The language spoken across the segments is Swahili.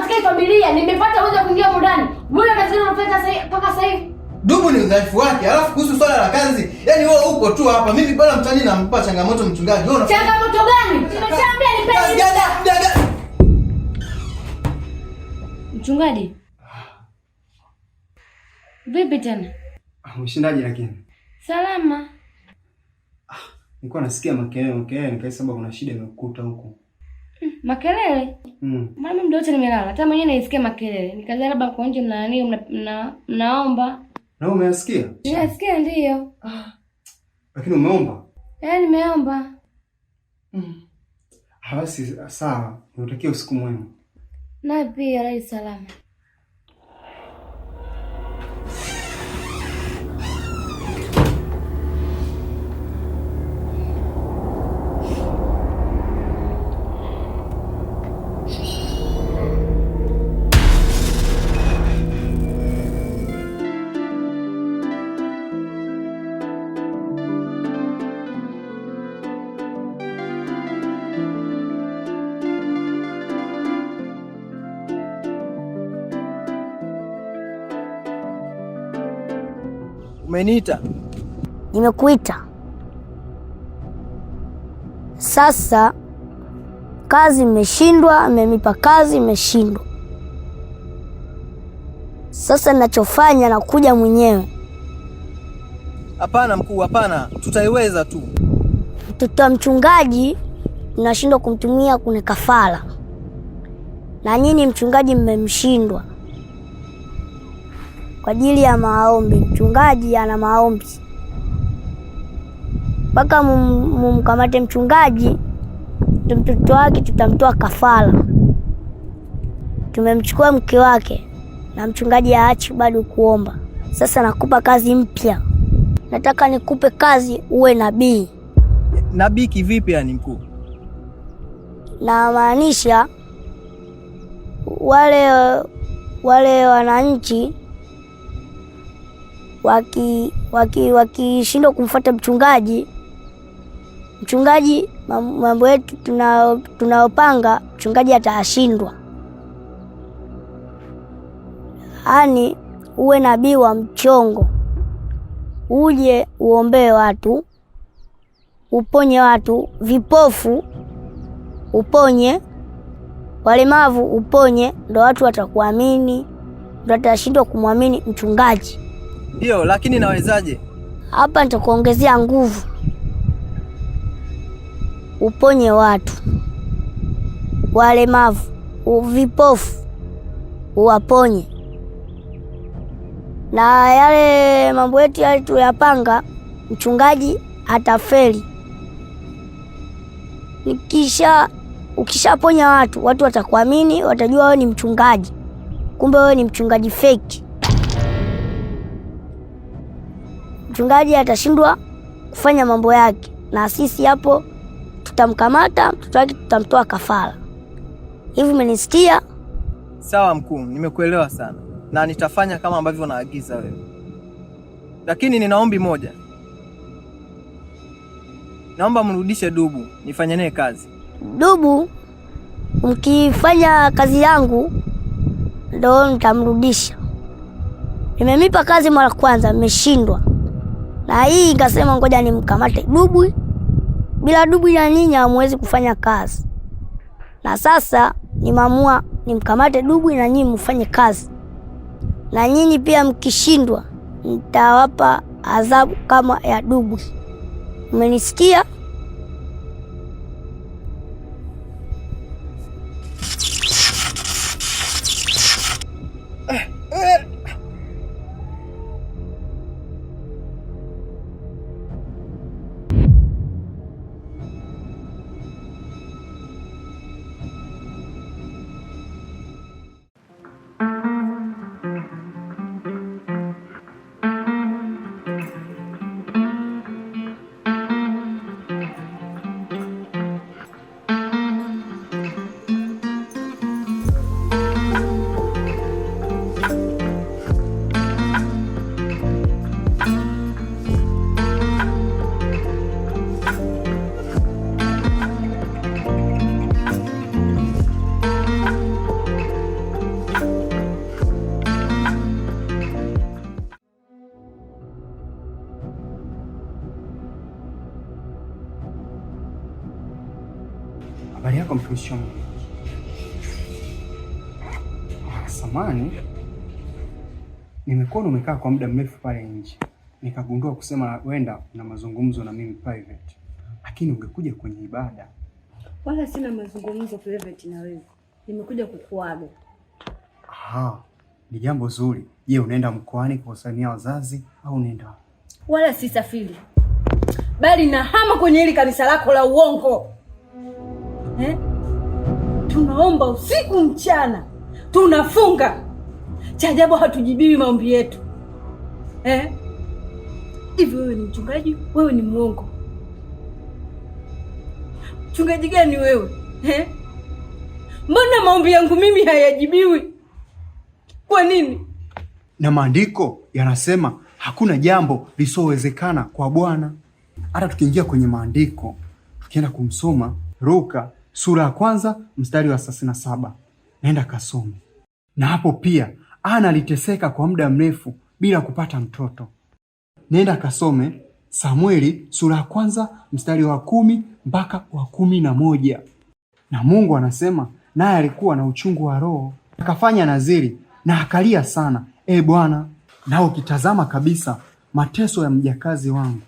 katika familia nimepata uwezo kuingia mundani wewe kazi unafanya sasa mpaka sasa hivi. Dubu ni udhaifu wake. Alafu kuhusu swala la kazi, yani wewe uko tu hapa. Mimi bwana mtani nampa changamoto mchungaji. Wewe changamoto gani? Ah, Nimeshaambia nipeni. Ah, dada, mchungaji. Vipi tena? Ah, Mshindaji lakini. Salama. Ah, nilikuwa nasikia makelele makelele, nikaisaba kuna shida imekuta huko. Makelele? Mm. Maana mimi ndio nimelala. Hata mwenyewe naisikia makelele. Nikaza labda kwa nje mna nani mna mnaomba. Na umeyasikia? Nimesikia ndio. Ah. Lakini umeomba? Eh, nimeomba. Mm. Hawasi ah, sawa. Natakia usiku mwema. Na pia rais salama. Umeniita? Nimekuita. Sasa kazi imeshindwa, amenipa kazi imeshindwa. Sasa ninachofanya nakuja mwenyewe. Hapana mkuu, hapana, tutaiweza tu. Mtoto wa mchungaji nashindwa kumtumia kune kafara, na nyinyi mchungaji mmemshindwa kwa ajili ya maombi. Mchungaji ana maombi mpaka mumkamate mchungaji, mtoto wake tutamtoa kafara. Tumemchukua mke wake na mchungaji aachi bado kuomba. Sasa nakupa kazi mpya, nataka nikupe kazi, uwe nabii. Nabii kivipi? Yani mkuu, namaanisha wale wale wananchi wakishindwa waki, waki kumfuata mchungaji mchungaji mambo yetu tunayopanga tuna mchungaji atashindwa. Yaani uwe nabii wa mchongo, uje uombee watu, uponye watu, vipofu uponye, walemavu uponye, ndo watu watakuamini, ndo atashindwa kumwamini mchungaji. Ndiyo, lakini nawezaje? Hapa nitakuongezea nguvu, uponye watu walemavu, vipofu uwaponye, na yale mambo yetu yale tuyapanga mchungaji atafeli. Nikisha ukishaponya watu, watu watakuamini, watajua wewe ni mchungaji, kumbe wewe ni mchungaji feki. mchungaji atashindwa kufanya mambo yake, na sisi hapo tutamkamata mtoto wake, tutamtoa kafara. Hivi umenisikia? Sawa mkuu, nimekuelewa sana na nitafanya kama ambavyo naagiza wewe, lakini nina ombi moja. Naomba mrudishe dubu nifanye naye kazi. Dubu mkifanya kazi yangu ndo nitamrudisha. Nimemipa kazi mara kwanza, mmeshindwa na hii ikasema, ngoja nimkamate dubwi. Bila dubwi ya nyinyi hamwezi kufanya kazi, na sasa nimeamua nimkamate dubwi na nyinyi mfanye kazi. Na nyinyi pia mkishindwa, nitawapa adhabu kama ya dubwi. Umenisikia? Samani, nimekuwa umekaa kwa muda mrefu pale nje, nikagundua kusema wenda na mazungumzo na mimi private, lakini ungekuja kwenye ibada. Wala sina mazungumzo private na wewe, nimekuja kukuaga. Aha, ni jambo zuri. Je, unaenda mkoani kuwasalimia wazazi au unaenda? Wala sisafiri, bali nahama kwenye hili kanisa lako la uongo eh? Tunaomba usiku mchana tunafunga. Cha ajabu hatujibiwi maombi yetu eh? Hivi wewe ni mchungaji? Wewe ni mwongo? Mchungaji gani wewe eh? Mbona maombi yangu mimi hayajibiwi? Kwa nini? Na maandiko yanasema hakuna jambo lisowezekana kwa Bwana. Hata tukiingia kwenye maandiko tukienda kumsoma Luka sura ya kwanza mstari wa thelathini na saba naenda kasome na hapo pia Ana aliteseka kwa muda mrefu bila kupata mtoto. Nenda kasome Samueli sura ya kwanza mstari wa kumi mpaka wa kumi na moja. Na Mungu anasema naye alikuwa na uchungu wa roho, akafanya naziri na akalia sana, e Bwana, na ukitazama kabisa mateso ya mjakazi wangu,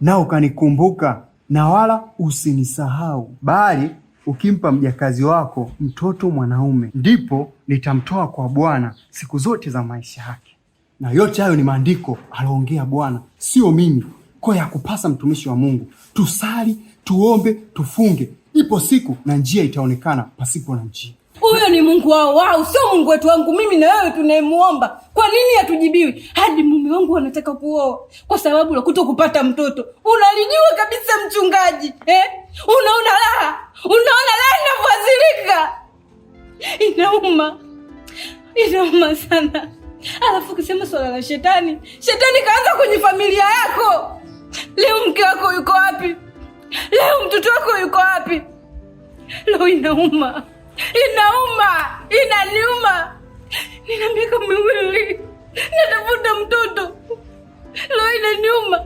na ukanikumbuka na wala usinisahau, bali ukimpa mjakazi wako mtoto mwanaume, ndipo nitamtoa kwa Bwana siku zote za maisha yake. Na yote hayo ni maandiko aliongea Bwana, sio mimi. Kwa ya kupasa mtumishi wa Mungu tusali, tuombe, tufunge. Ipo siku na njia itaonekana pasipo na njia. Huyo ni Mungu wao wao, sio Mungu wetu. Wangu mimi na wewe tunayemuomba, kwa nini hatujibiwi? Hadi mume wangu anataka kuoa kwa sababu la kuto kupata mtoto. Unalijua kabisa mchungaji eh? Unaona raha, unaona raha inavyozilika Inauma, inauma sana. Alafu kusema swala la shetani, shetani kaanza kwenye familia yako. Leo mke wako yuko wapi? Leo mtoto wako yuko wapi? Leo inauma, inauma, inaniuma. Nina miaka miwili natafuta mtoto, leo inaniuma.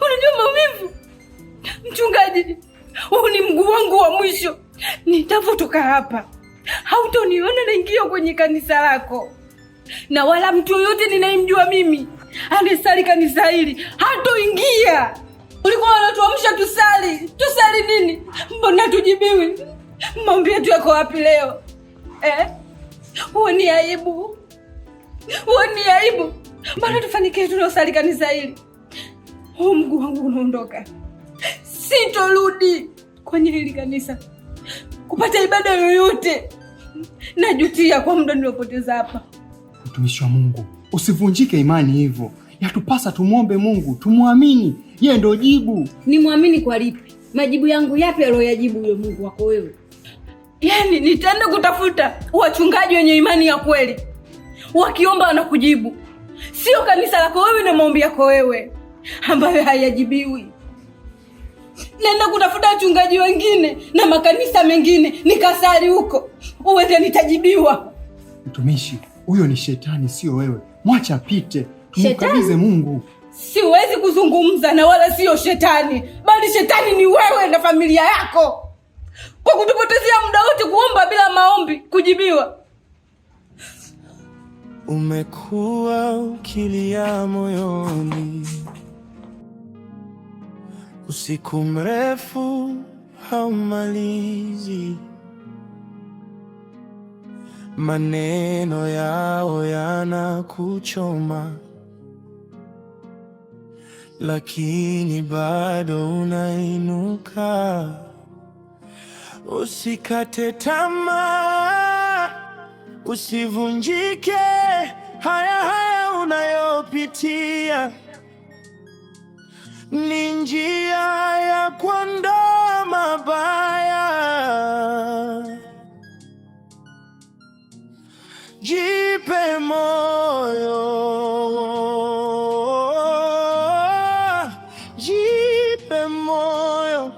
Unajua maumivu, mchungaji, huu ni mguu wangu wa mwisho. nitavotoka hapa hautoniona naingia kwenye kanisa lako, na wala mtu yoyote ninayemjua mimi anesali kanisa hili hatoingia. Ulikuwa wanatuamsha tusali, tusali nini? Mbona tujibiwi? Maombi yetu yako wapi leo eh? yaibu aibu? ni aibu? Mbona tufanikie tunaosali kanisa hili? Huu oh, mguu wangu unaondoka, sitorudi kwenye hili kanisa kupata ibada yoyote. Najutia kwa muda niliopoteza hapa. Mtumishi wa Mungu, usivunjike imani hivyo. Yatupasa tumwombe Mungu, tumwamini yeye, ndio jibu. Nimwamini kwa lipi? Majibu yangu yapi aliyoyajibu huyo Mungu wako wewe? Yaani nitaenda kutafuta wachungaji wenye imani ya kweli, wakiomba wanakujibu, sio kanisa lako wewe na maombi yako wewe ambayo hayajibiwi. Naenda kutafuta wachungaji wengine na makanisa mengine, nikasali huko uweze ndio nitajibiwa. Mtumishi, huyo ni shetani, sio wewe. Mwacha apite, tumkabidhe Mungu. Siwezi kuzungumza na wala siyo shetani, bali shetani ni wewe na familia yako, kwa kutupotezea muda wote kuomba bila maombi kujibiwa. Umekuwa ukilia moyoni usiku mrefu haumalizi maneno yao yanakuchoma, lakini bado unainuka. Usikate tamaa, usivunjike. Haya haya unayopitia ni njia ya kuondoa mabaya. Jipe moyo, jipe moyo.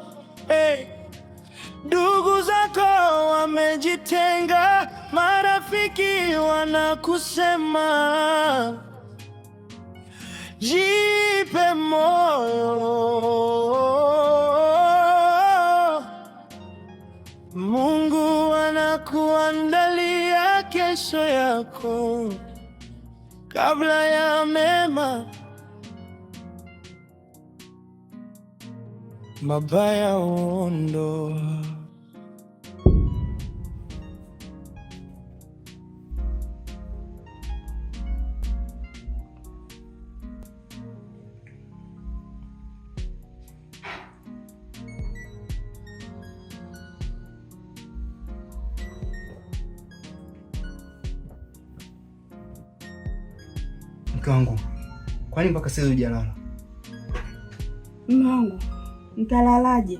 Hey, ndugu zako wamejitenga, marafiki wanakusema, jipe moyo. kesho yako kabla ya mema mabaya uondoa. Mke wangu, kwani mpaka sasa hujalala? Mume wangu, nitalalaje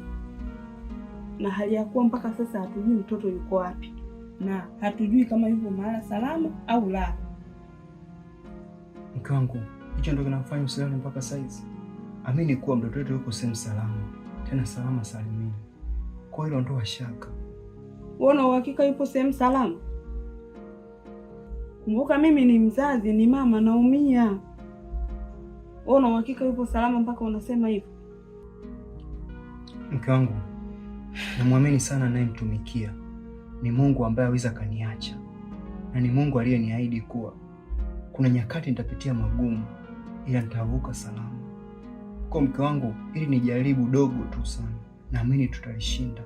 na hali ya kuwa mpaka sasa hatujui mtoto yuko wapi na hatujui kama yuko mahala salama au la. Mke wangu, hicho ndio kinafanya usilale mpaka saizi. Amini kuwa mtoto wetu yuko sehemu salama, tena salama salimini. Kwa hilo ondoa shaka. Wewe una uhakika yupo sehemu salama? Kumbuka mimi ni mzazi, ni mama, naumia. Wewe una uhakika yupo salama mpaka unasema hivyo? Mke wangu namwamini sana, nayemtumikia ni Mungu ambaye aweza akaniacha, na ni Mungu aliyeniahidi kuwa kuna nyakati nitapitia magumu, ila nitavuka salama. Kwa mke wangu, ili ni jaribu dogo tu sana, naamini tutalishinda.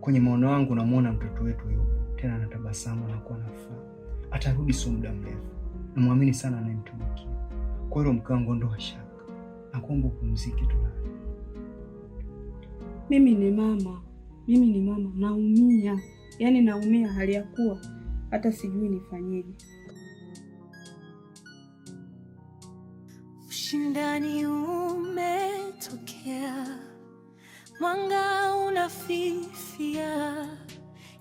Kwenye maono yangu namwona mtoto wetu yupo tena, anatabasamu na kuwa furaha atarudi sio muda mrefu. Namwamini sana anayemtumikia. Kwa hiyo mkango, ondoa shaka, nakuomba upumzike, tulale. Mimi ni mama, mimi ni mama, naumia, yaani naumia hali ya kuwa hata sijui nifanyeje. Ushindani umetokea, mwanga unafifia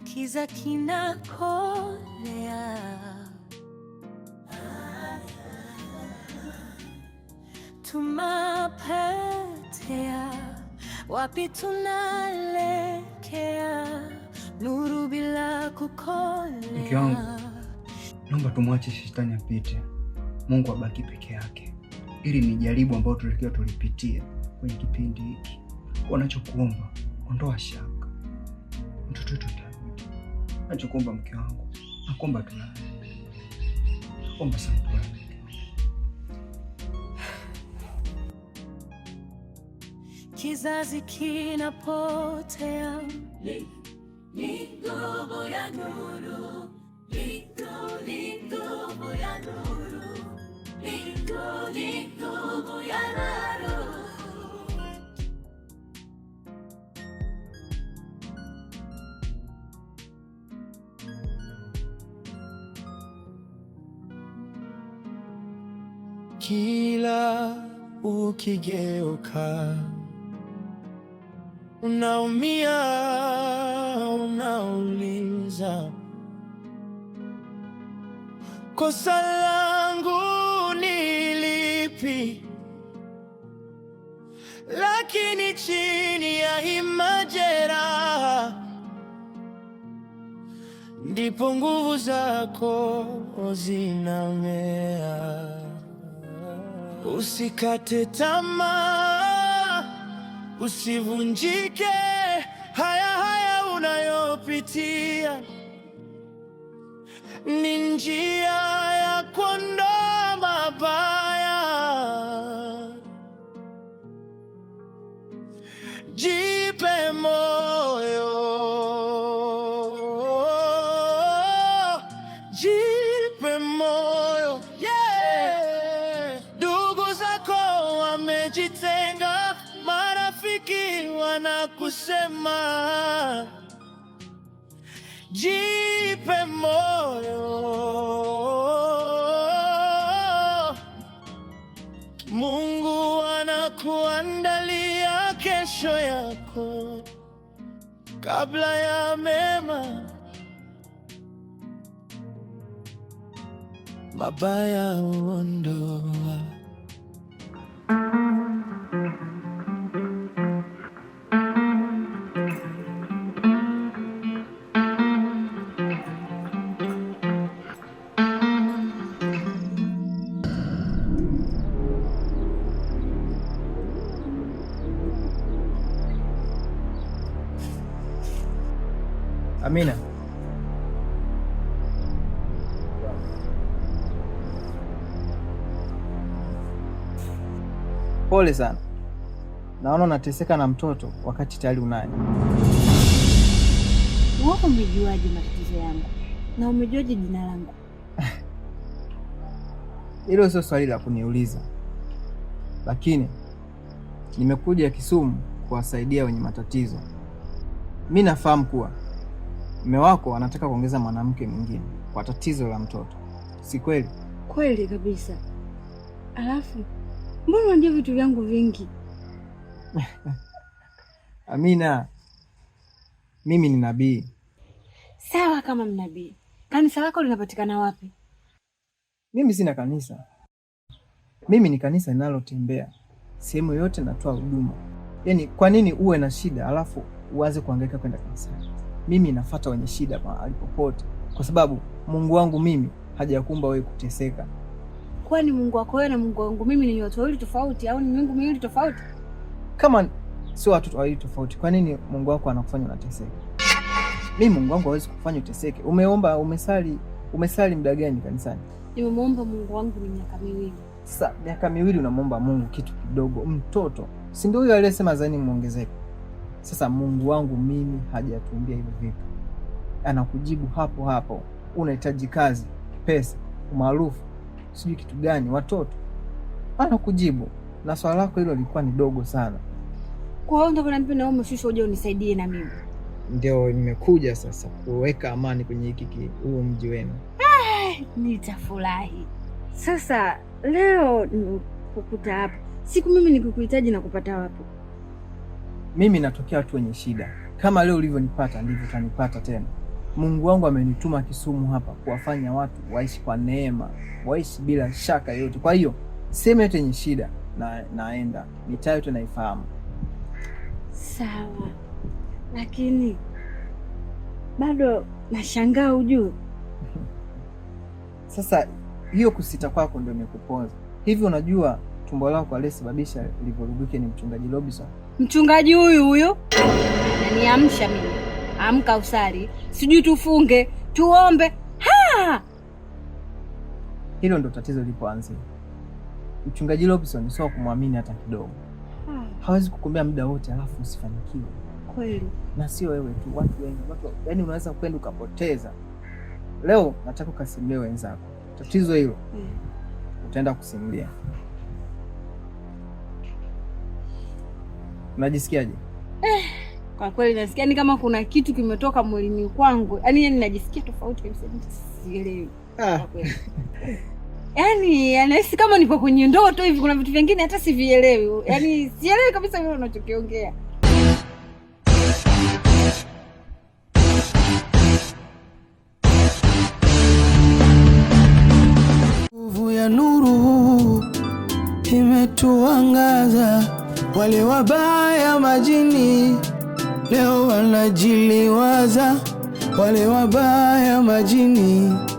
Kiza kinakolea, tumapotea, wapi tunalekea? Nuru bila kukolea. naomba tumwache shetani apite, Mungu abaki peke yake. Ili ni jaribu ambayo tulikiwa tulipitia kwenye kipindi hiki. Wanachokuomba ondoa shaka, mtoto wetu nachokuomba mke wangu, nakuomba tulale, nakuomba sana Kizazi kinapotea, ni gobo ya nuru, ni gobo ya nuru, ni gobo ya nuru kila ukigeuka unaumia, unauliza kosa langu ni lipi? Lakini chini ya hii majeraha ndipo nguvu zako zinamea. Usikate tamaa, usivunjike. Haya haya unayopitia ni njia ya kuondoa mabaya. wema, jipe moyo. Mungu anakuandalia kesho yako kabla ya mema mabaya uondoa. Pole sana, naona unateseka na mtoto wakati tayari unaye. Wako umejuaje matatizo yangu na umejuaje jina langu? Hilo sio swali la kuniuliza, lakini nimekuja Kisumu kuwasaidia wenye matatizo. Mi nafahamu kuwa mume wako anataka kuongeza mwanamke mwingine kwa tatizo la mtoto, si kweli? Kweli kabisa. Alafu Mbona ndio vitu vyangu vingi? Amina, mimi ni nabii. Sawa, kama mnabii, kanisa lako linapatikana wapi? Mimi sina kanisa, mimi ni kanisa linalotembea sehemu yote, natoa huduma. Yaani, kwa nini uwe na shida alafu uanze kuangaika kwenda kanisani? Mimi nafuata wenye shida mahali popote, kwa sababu Mungu wangu mimi hajakumba wewe kuteseka. Kwani Mungu wako wewe na Mungu wangu mimi ni watu wawili tofauti au ni miungu miwili tofauti? Kama sio watu wawili tofauti, kwa nini Mungu wako anakufanya unateseke? Mimi Mungu wangu hawezi kufanya uteseke. Umeomba, umesali, umesali muda gani kanisani? Nimemuomba Mungu wangu ni miaka miwili. Sasa miaka miwili unamwomba Mungu kitu kidogo, mtoto si ndio huyo aliyesema zaini muongezeke? Sasa Mungu wangu mimi hajatuambia hivyo vitu, anakujibu hapo hapo. Unahitaji kazi, pesa, umaarufu sijui kitu gani, watoto ana kujibu na swala lako hilo lilikuwa ni dogo sana. Kwa hiyo ndio naambia naomba umeshusha uje unisaidie na mimi. Ndio nimekuja sasa kuweka amani kwenye hiki huu mji wenu. Nitafurahi sasa leo nikukuta hapa, siku mimi nikukuhitaji na kupata wapi? Mimi natokea watu wenye shida, kama leo ulivyonipata ndivyo utanipata tena. Mungu wangu amenituma Kisumu hapa kuwafanya watu waishi kwa neema, waishi bila shaka yote. Kwa hiyo sehemu yote yenye shida na naenda, mitaa yote naifahamu. Sawa, lakini bado nashangaa hujui. Sasa hiyo kusita kwako ndio imekuponza hivi. Unajua tumbo lako aliyesababisha livuruguke ni mchungaji Robinson, mchungaji huyu huyu ananiamsha mimi amka usali, sijui tufunge, tuombe. Ha! Hilo ndo tatizo lilipoanzia. Mchungaji Robinson sio kumwamini hata kidogo. Hawezi kukombea muda wote alafu usifanikiwe. Kweli. Na sio wewe tu, watu wengi, watu yani unaweza kwenda ukapoteza. Leo nataka ukasimulie wenzako tatizo hilo. Hmm. Utaenda kusimulia. Unajisikiaje? Eh. Kwa kweli nasikia ni kama kuna kitu kimetoka mwilini kwangu, yaani yani najisikia tofauti kabisa, sielewi. Ah. Yaani anahisi kama nipo kwenye ndoto hivi, kuna vitu vingine hata sivielewi, yaani sielewi kabisa vile unachokiongea. Nguvu ya nuru imetuangaza, wale wabaya majini leo wanajiliwaza wale wabaya majini